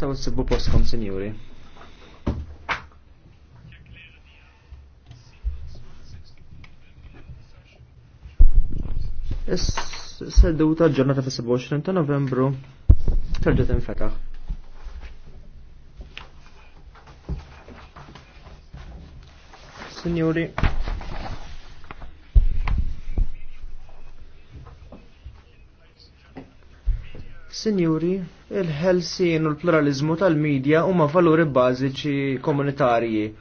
tistaw s-sibbu postkom, sinjuri. is ta' ġurnata ta' 27 ta' novembru terġa' tinfetaħ. Signori, Sinjuri, il-ħelsin u l-pluralizmu tal-medja huma valuri bażiċi komunitarji.